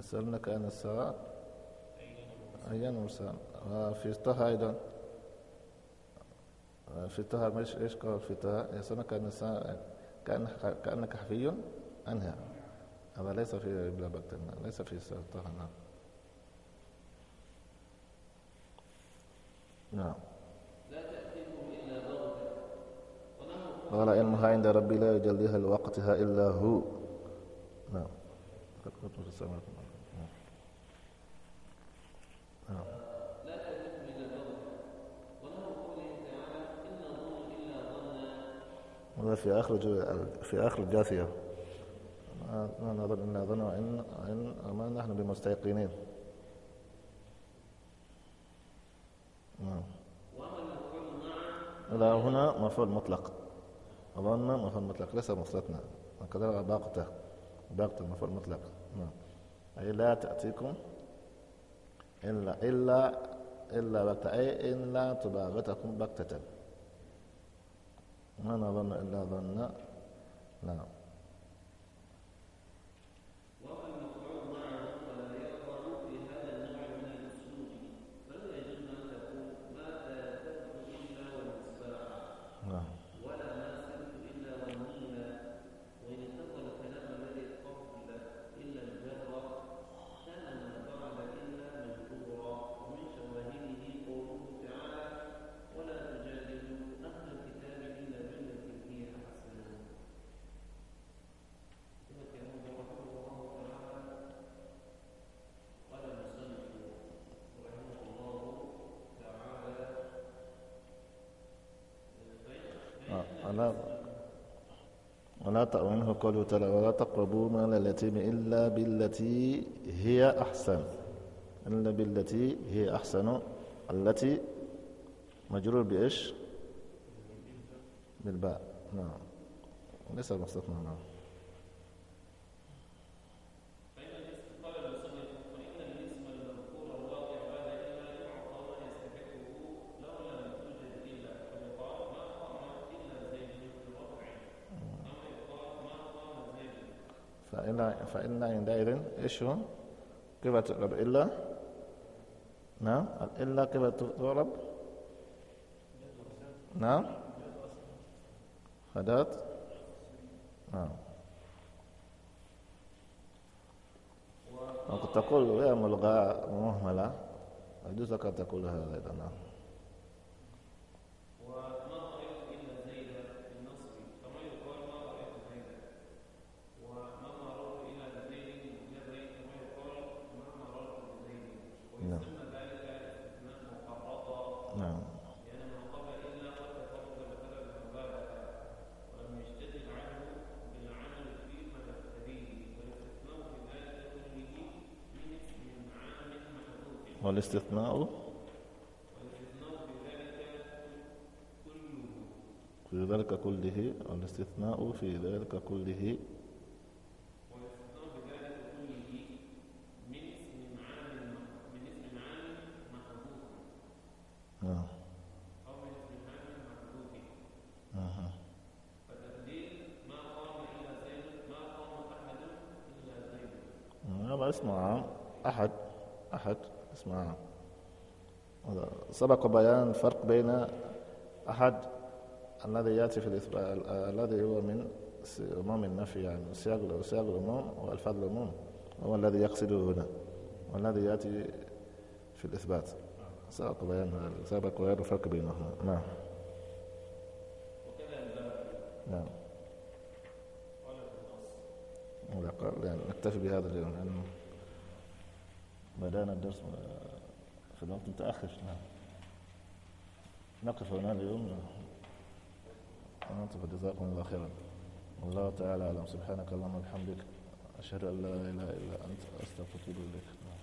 يسألونك عن الساعة أيان مرسال في طه أيضا في طه مش إيش قال في طه يسألونك عن الساعة كأن كأنك حفي عنها هذا ليس في بلا بكتنا ليس في طه نعم نعم قال علمها عند ربي لا يجليها لوقتها إلا هو نعم هذا في آخر في آخر الجاثية ما نظن إن إن ما نحن بمستيقنين نعم هنا مفعول مطلق اظن مفعول مطلق ليس مثلتنا وكذلك باقته باقته مفعول مطلق نعم أي لا تأتيكم إلا إلا إلا بقت أي إلا تباغتكم بقتة ما نظن إلا ظن نعم تأوينه قوله تعالى ولا تقربوا مال اليتيم إلا بالتي هي أحسن إلا بالتي هي أحسن التي مجرور بإيش؟ بالباء نعم ليس مستثنى نعم فإن فإن عندئذ إيش هو؟ كيف تعرب إلا نعم إلا كيف تعرب؟ نعم أداة نعم وقد تقول يا ملغى مهملة يجوز لك أن تقول هذا نعم والاستثناء في ذلك كله آه. أو من اسم عام ما قام إلا ما قام أحد إلا هذا اسم عام أحد أحد اسم عام سبق بيان الفرق بين أحد الذي ياتي في الاثبات الذي هو من عموم النفي يعني سياق سياق العموم والفاظ العموم هو الذي يقصده هنا والذي ياتي في الاثبات سبق بيان سبق بيان الفرق بينهما نعم نعم قال يعني نكتفي بهذا اليوم لانه بدانا الدرس في الوقت متاخر نعم نقف هنا اليوم أحسنت فجزاكم الله خيرا والله تعالى أعلم سبحانك اللهم وبحمدك أشهد أن لا إله إلا أنت أستغفرك إليك